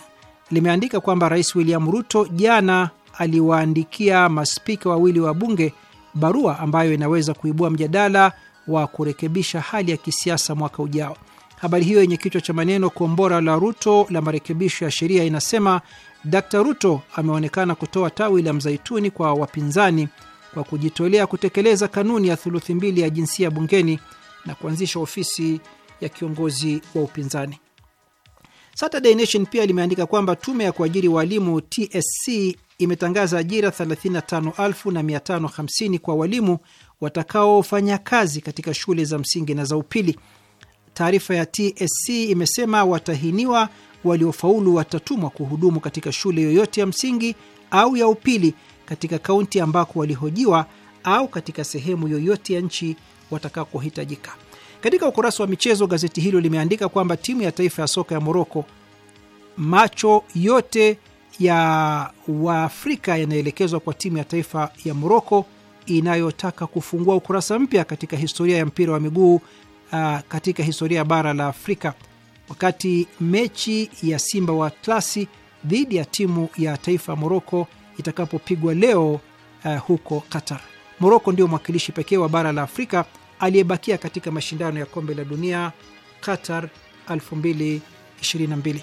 limeandika kwamba Rais William Ruto jana aliwaandikia maspika wawili wa bunge barua ambayo inaweza kuibua mjadala wa kurekebisha hali ya kisiasa mwaka ujao. Habari hiyo yenye kichwa cha maneno kombora la Ruto la marekebisho ya sheria inasema Dkt Ruto ameonekana kutoa tawi la mzaituni kwa wapinzani kwa kujitolea kutekeleza kanuni ya thuluthi mbili ya jinsia bungeni na kuanzisha ofisi ya kiongozi wa upinzani. Saturday Nation pia limeandika kwamba tume ya kuajiri walimu TSC imetangaza ajira 35,550 kwa walimu watakaofanya kazi katika shule za msingi na za upili. Taarifa ya TSC imesema watahiniwa waliofaulu watatumwa kuhudumu katika shule yoyote ya msingi au ya upili katika kaunti ambako walihojiwa au katika sehemu yoyote ya nchi watakakohitajika. Katika ukurasa wa michezo, gazeti hilo limeandika kwamba timu ya taifa ya soka ya Moroko macho yote ya Waafrika yanaelekezwa kwa timu ya taifa ya Moroko inayotaka kufungua ukurasa mpya katika historia ya mpira wa miguu uh, katika historia ya bara la Afrika, wakati mechi ya Simba wa Atlasi dhidi ya timu ya taifa ya Moroko itakapopigwa leo uh, huko Qatar. Moroko ndio mwakilishi pekee wa bara la Afrika aliyebakia katika mashindano ya kombe la dunia Qatar 2022.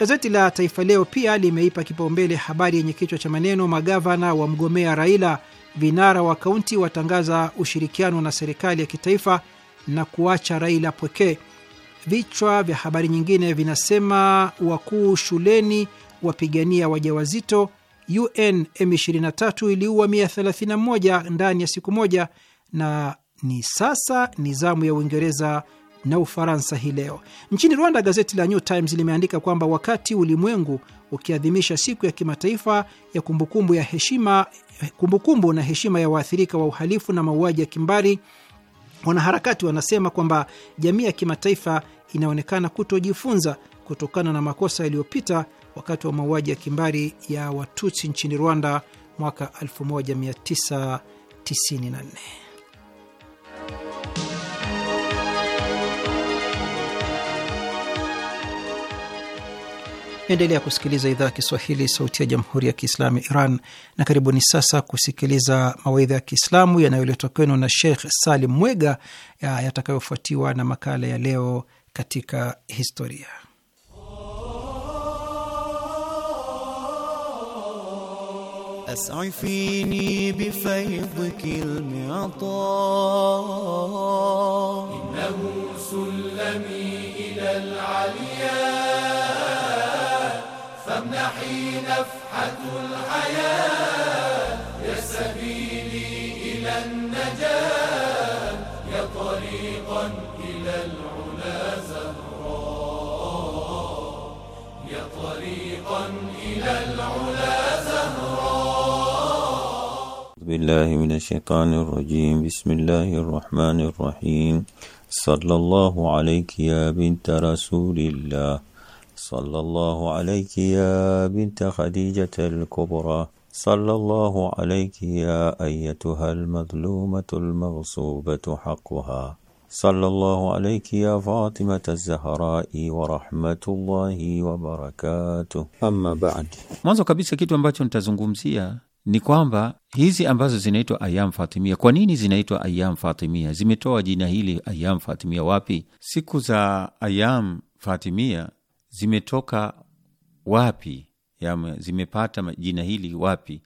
Gazeti la Taifa Leo pia limeipa kipaumbele habari yenye kichwa cha maneno magavana wa mgomea Raila, vinara wa kaunti watangaza ushirikiano na serikali ya kitaifa na kuacha Raila pwekee. Vichwa vya habari nyingine vinasema wakuu shuleni wapigania wajawazito, UN M23 iliua 131 ndani ya siku moja, na ni sasa ni zamu ya Uingereza na Ufaransa hii leo. Nchini Rwanda, gazeti la New Times limeandika kwamba wakati ulimwengu ukiadhimisha siku ya kimataifa ya kumbukumbu ya heshima, kumbukumbu na heshima ya waathirika wa uhalifu na mauaji ya kimbari, wanaharakati wanasema kwamba jamii ya kimataifa inaonekana kutojifunza kutokana na makosa yaliyopita wakati wa mauaji ya kimbari ya Watutsi nchini Rwanda mwaka 1994. Naendelea kusikiliza idhaa ya Kiswahili, sauti ya jamhuri ya kiislamu Iran, na karibuni sasa kusikiliza mawaidha ya Kiislamu yanayoletwa kwenu na Sheikh Salim Mwega, yatakayofuatiwa na makala ya leo katika historia. As'ifini innahu ila روحي نفحة الحياة يا سبيلي إلى النجاة يا طريقا إلى العلا زهراء يا طريقا إلى العلا زهراء بالله من الشيطان الرجيم بسم الله الرحمن الرحيم صلى الله عليك يا بنت رسول الله صلى الله عليك يا بنت خديجة الكبرى صلى الله عليك يا أيتها المظلومة المغصوبة حقها صلى الله عليك يا فاطمة الزهراء ورحمة الله وبركاته. Amma baad, mwanzo kabisa kitu ambacho nitazungumzia ni kwamba hizi ambazo zinaitwa ayam fatimia, kwa nini zinaitwa ayam fatimia? Zimetoa jina hili ayam fatimia wapi? Siku za ayam fatimia zimetoka wapi ya zimepata jina hili wapi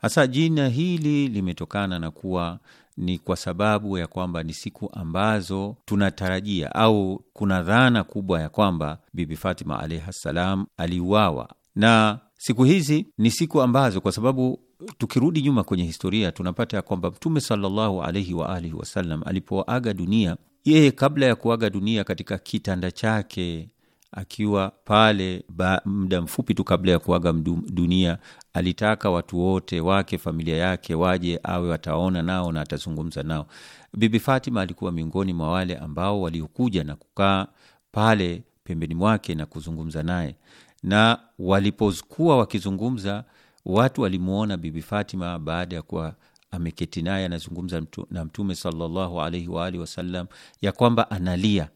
hasa jina hili limetokana na kuwa ni kwa sababu ya kwamba ni siku ambazo tunatarajia au kuna dhana kubwa ya kwamba bibi fatima alaihi ssalam aliuawa na siku hizi ni siku ambazo kwa sababu tukirudi nyuma kwenye historia tunapata ya kwamba mtume salllahu alaihi waalihi wasallam alipoaga dunia yeye kabla ya kuaga dunia katika kitanda chake akiwa pale muda mfupi tu kabla ya kuaga dunia alitaka watu wote wake familia yake waje awe wataona nao na atazungumza nao bibi fatima alikuwa miongoni mwa wale ambao waliokuja na kukaa pale pembeni mwake na kuzungumza naye na walipokuwa wakizungumza watu walimwona bibi fatima baada ya kuwa ameketi naye anazungumza na mtume salallahu alaihi waalihi wasallam ya kwamba analia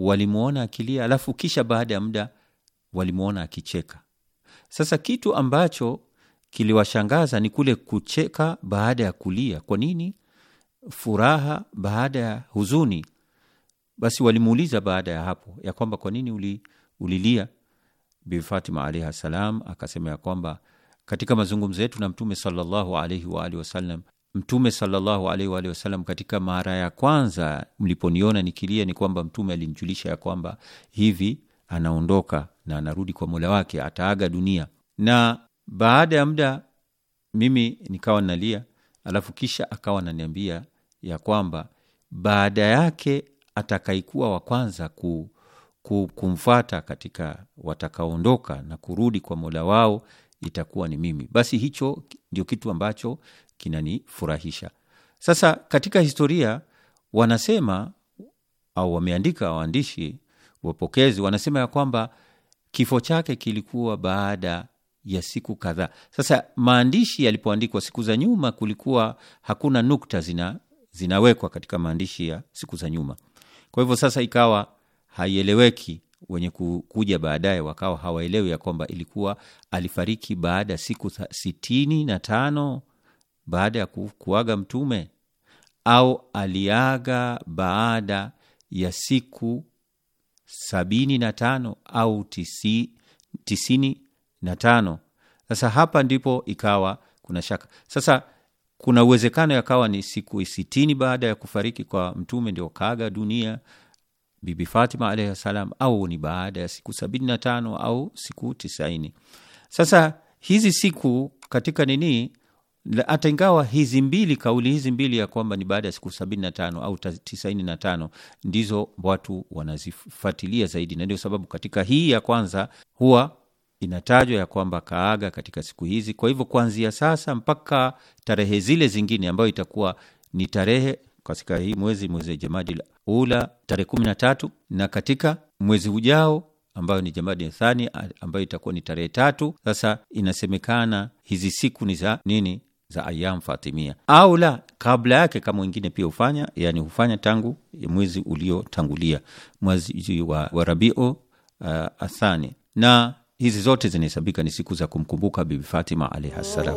walimwona akilia, alafu kisha baada ya muda walimwona akicheka. Sasa kitu ambacho kiliwashangaza ni kule kucheka baada ya kulia. Kwa nini? Furaha baada ya huzuni. Basi walimuuliza baada ya hapo ya kwamba kwa nini uli, ulilia? Bibi Fatima alaihi salam akasema ya kwamba katika mazungumzo yetu na Mtume sallallahu alaihi waalihi wasallam Mtume sallallahu alaihi katika mara ya kwanza mliponiona nikilia, ni kwamba Mtume alimjulisha ya kwamba hivi anaondoka na anarudi kwa mola wake, ataaga dunia. Na baada ya muda mimi nikawa nalia, alafu kisha akawa naniambia ya kwamba baada yake atakaikuwa wa kwanza ku, ku, kumfata katika watakaondoka na kurudi kwa mola wao itakuwa ni mimi. Basi hicho ndio kitu ambacho kinanifurahisha. Sasa katika historia wanasema au wameandika waandishi wapokezi, wanasema ya kwamba kifo chake kilikuwa baada ya siku kadhaa. Sasa maandishi yalipoandikwa siku za nyuma, kulikuwa hakuna nukta zina, zinawekwa katika maandishi ya siku za nyuma. Kwa hivyo sasa ikawa haieleweki, wenye kuja baadaye wakawa hawaelewi ya kwamba ilikuwa alifariki baada ya siku sitini na tano baada ya kuaga mtume au aliaga baada ya siku sabini na tano au tisi, tisini na tano sasa hapa ndipo ikawa kuna shaka sasa kuna uwezekano yakawa ni siku sitini baada ya kufariki kwa mtume ndio kaga dunia bibi fatima alaihi salam au ni baada ya siku sabini na tano au siku tisaini sasa hizi siku katika nini hata ingawa hizi mbili kauli hizi mbili ya kwamba ni baada ya siku sabini na tano au tisaini na tano ndizo watu wanazifuatilia zaidi na ndio sababu katika hii ya kwanza huwa inatajwa ya kwamba kaaga katika siku hizi kwa hivyo kuanzia sasa mpaka tarehe zile zingine ambayo itakuwa ni tarehe katika hii mwezi mwezi jamadi la ula tarehe kumi na tatu na katika mwezi ujao ambayo ni jamadi ya thani ambayo itakuwa ni tarehe tatu sasa inasemekana hizi siku ni za nini za ayam fatimia au la kabla yake, kama wengine pia hufanya, yani hufanya tangu mwezi uliotangulia mwezi wa, wa Rabiu uh, athani, na hizi zote zinahesabika ni siku za kumkumbuka Bibi Fatima alaihi ssalam.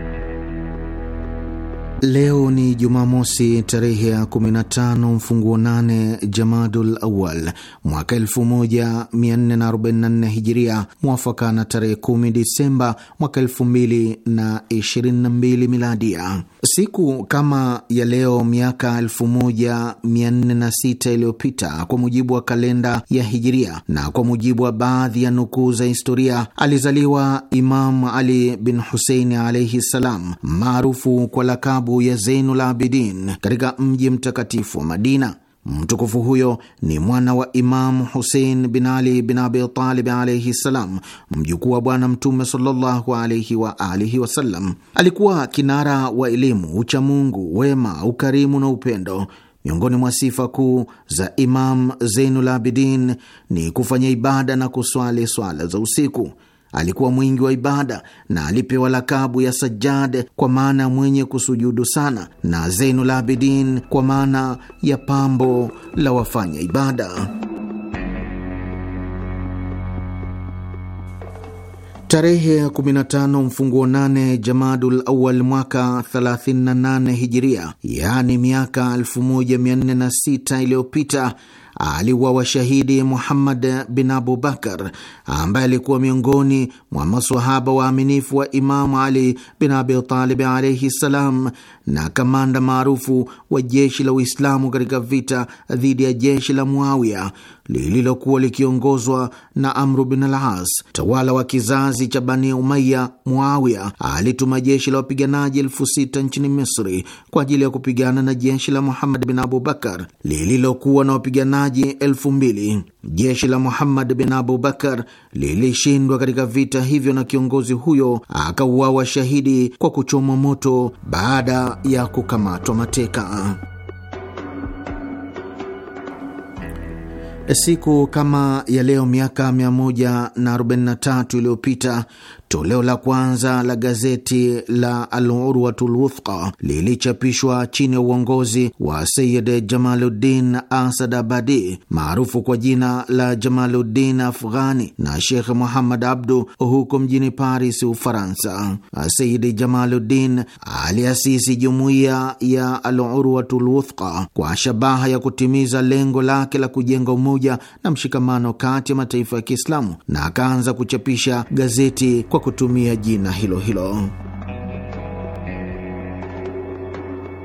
Leo ni Jumamosi tarehe ya 15 mfunguo 8 Jamadul Awal mwaka 1444 Hijiria, mwafaka na tarehe 10 Disemba mwaka 2022 Miladia. Siku kama ya leo miaka 1406 iliyopita kwa mujibu wa kalenda ya Hijiria na kwa mujibu wa baadhi ya nukuu za historia, alizaliwa Imam Ali bin Huseini alaihi ssalam, maarufu kwa lakabu madhabahu ya Zeinul Abidin katika mji mtakatifu wa Madina. Mtukufu huyo ni mwana wa Imamu Husein bin Ali bin Abitalib alaihi ssalam, mjukuu wa Bwana Mtume sallallahu alaihi wa alihi wasallam. Alikuwa kinara wa elimu, uchamungu, wema, ukarimu na upendo. Miongoni mwa sifa kuu za Imam Zeinul Abidin ni kufanya ibada na kuswali swala za usiku. Alikuwa mwingi wa ibada na alipewa lakabu ya Sajjad kwa maana ya mwenye kusujudu sana, na Zainul Abidin kwa maana ya pambo la wafanya ibada. Tarehe ya 15 mfunguo 8 Jamadul Awal mwaka 38 Hijiria, yaani miaka 1406 iliyopita aliuawa shahidi Muhammad bin Abubakar ambaye alikuwa miongoni mwa masahaba waaminifu wa Imamu Ali bin abitalibi alaihi ssalam, na kamanda maarufu wa jeshi la Uislamu katika vita dhidi ya jeshi la Muawiya lililokuwa likiongozwa na Amru bin al-As, tawala wa kizazi cha Bani umaya muawia alituma jeshi la wapiganaji elfu sita nchini Misri kwa ajili ya kupigana na jeshi la Muhammad bin Abubakar lililokuwa na wapiganaji elfu mbili. Jeshi la Muhammad bin Abubakar lilishindwa katika vita hivyo, na kiongozi huyo akauawa shahidi kwa kuchomwa moto baada ya kukamatwa mateka. Siku kama ya leo miaka 143 iliyopita Toleo la kwanza la gazeti la Alurwatul Wuthqa lilichapishwa chini ya uongozi wa Sayid Jamaluddin Asad Abadi maarufu kwa jina la Jamaluddin Afghani na Shekh Muhammad Abdu huko mjini Paris, Ufaransa. Sayid Jamaluddin aliasisi jumuiya ya Alurwatul Wuthqa kwa shabaha ya kutimiza lengo lake la kujenga umoja na mshikamano kati ya mataifa ya Kiislamu na akaanza kuchapisha gazeti kwa kutumia jina hilo hilo.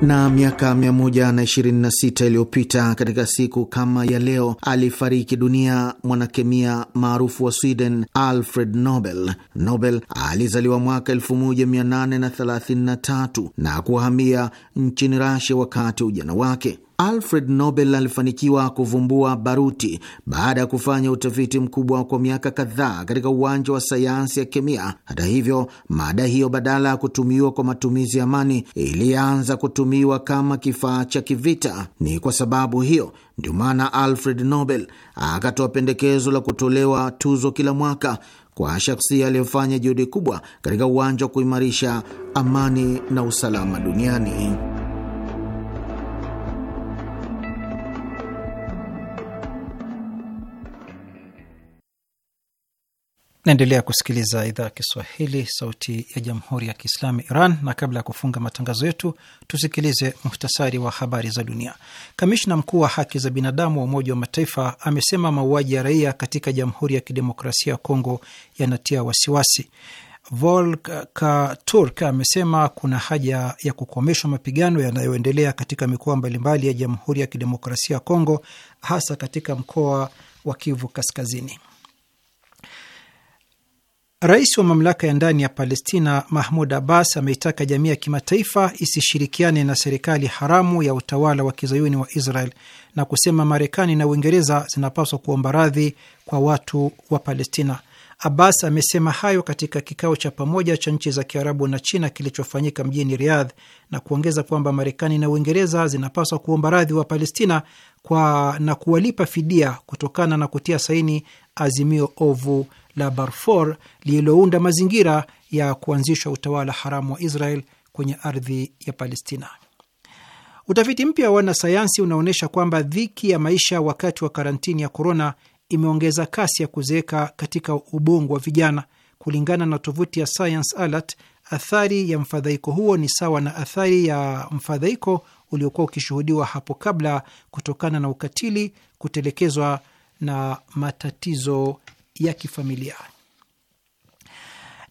na miaka 126 iliyopita katika siku kama ya leo alifariki dunia mwanakemia maarufu wa Sweden Alfred Nobel. Nobel alizaliwa mwaka 1833 na kuhamia nchini Rasia wakati wa ujana wake. Alfred Nobel alifanikiwa kuvumbua baruti baada ya kufanya utafiti mkubwa kwa miaka kadhaa katika uwanja wa sayansi ya kemia. Hata hivyo, mada hiyo badala ya kutumiwa kwa matumizi ya amani, ilianza kutumiwa kama kifaa cha kivita. Ni kwa sababu hiyo ndio maana Alfred Nobel akatoa pendekezo la kutolewa tuzo kila mwaka kwa shaksia aliyofanya juhudi kubwa katika uwanja wa kuimarisha amani na usalama duniani. Naendelea kusikiliza idhaa ya Kiswahili, sauti ya jamhuri ya kiislamu Iran. Na kabla ya kufunga matangazo yetu, tusikilize muhtasari wa habari za dunia. Kamishna mkuu wa haki za binadamu wa Umoja wa Mataifa amesema mauaji ya raia katika Jamhuri ya Kidemokrasia ya Kongo yanatia wasiwasi. Volker Turk amesema kuna haja ya kukomeshwa mapigano yanayoendelea katika mikoa mbalimbali ya Jamhuri ya Kidemokrasia ya Kongo, hasa katika mkoa wa Kivu Kaskazini. Rais wa mamlaka ya ndani ya Palestina Mahmud Abbas ameitaka jamii ya kimataifa isishirikiane na serikali haramu ya utawala wa kizayuni wa Israel na kusema Marekani na Uingereza zinapaswa kuomba radhi kwa watu wa Palestina. Abbas amesema hayo katika kikao cha pamoja cha nchi za Kiarabu na China kilichofanyika mjini Riyadh na kuongeza kwamba Marekani na Uingereza zinapaswa kuomba radhi wa Palestina kwa na kuwalipa fidia kutokana na kutia saini azimio ovu la Balfour lililounda mazingira ya kuanzishwa utawala haramu wa Israel kwenye ardhi ya Palestina. Utafiti mpya wa wanasayansi unaonyesha kwamba dhiki ya maisha wakati wa karantini ya korona imeongeza kasi ya kuzeeka katika ubongo wa vijana. Kulingana na tovuti ya Science Alert, athari ya mfadhaiko huo ni sawa na athari ya mfadhaiko uliokuwa ukishuhudiwa hapo kabla kutokana na ukatili, kutelekezwa na matatizo ya kifamilia.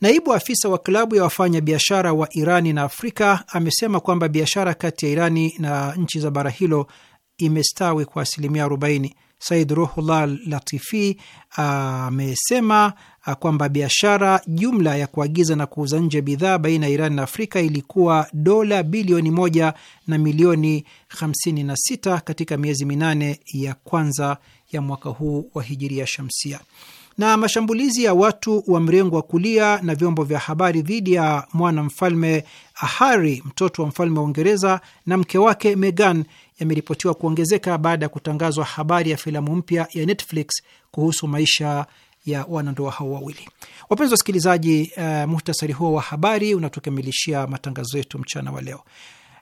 Naibu afisa wa klabu ya wafanya biashara wa Irani na Afrika amesema kwamba biashara kati ya Irani na nchi za bara hilo imestawi kwa asilimia 40. Said Ruhullah Latifi ah, amesema ah, kwamba biashara jumla ya kuagiza na kuuza nje bidhaa baina ya Irani na Afrika ilikuwa dola bilioni moja na milioni 56 katika miezi minane ya kwanza ya mwaka huu wa hijiria shamsia na mashambulizi ya watu wa mrengo wa kulia na vyombo vya habari dhidi ya mwanamfalme Harry, mtoto wa mfalme wa Uingereza na mke wake Meghan yameripotiwa kuongezeka baada ya kutangazwa habari ya filamu mpya ya Netflix kuhusu maisha ya wanandoa hao wawili. Wapenzi wasikilizaji, uh, muhtasari huo wa habari unatukamilishia matangazo yetu mchana wa leo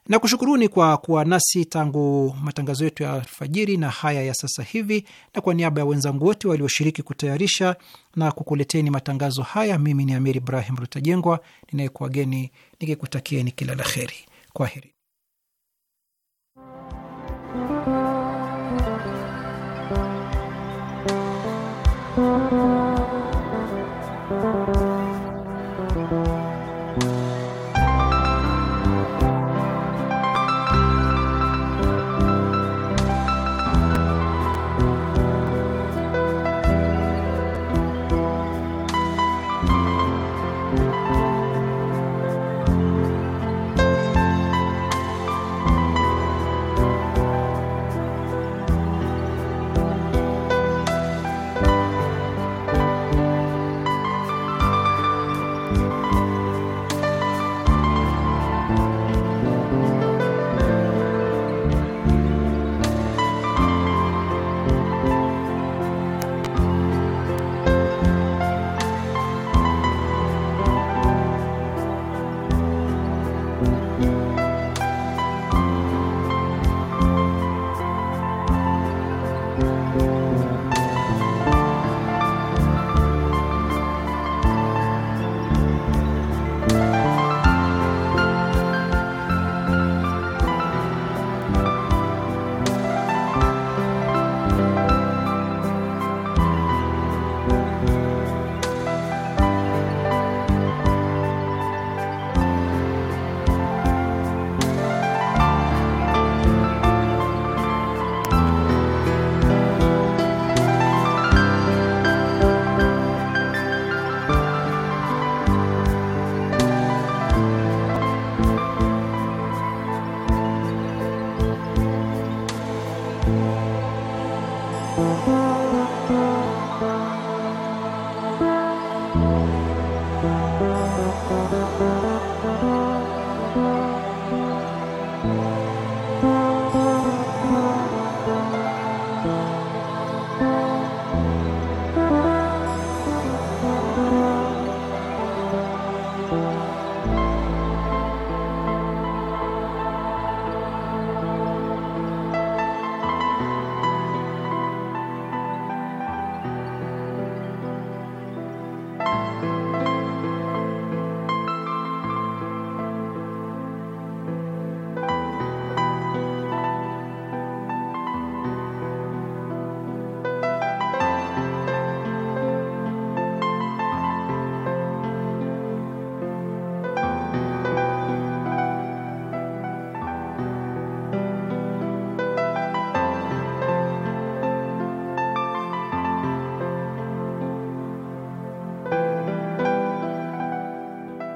na kushukuruni kwa kuwa nasi tangu matangazo yetu ya alfajiri na haya ya sasa hivi, na kwa niaba ya wenzangu wote walioshiriki kutayarisha na kukuleteni matangazo haya, mimi ni Amir Ibrahim Rutajengwa ninayekuwageni nikikutakieni kila la heri. Kwaheri. Thank you.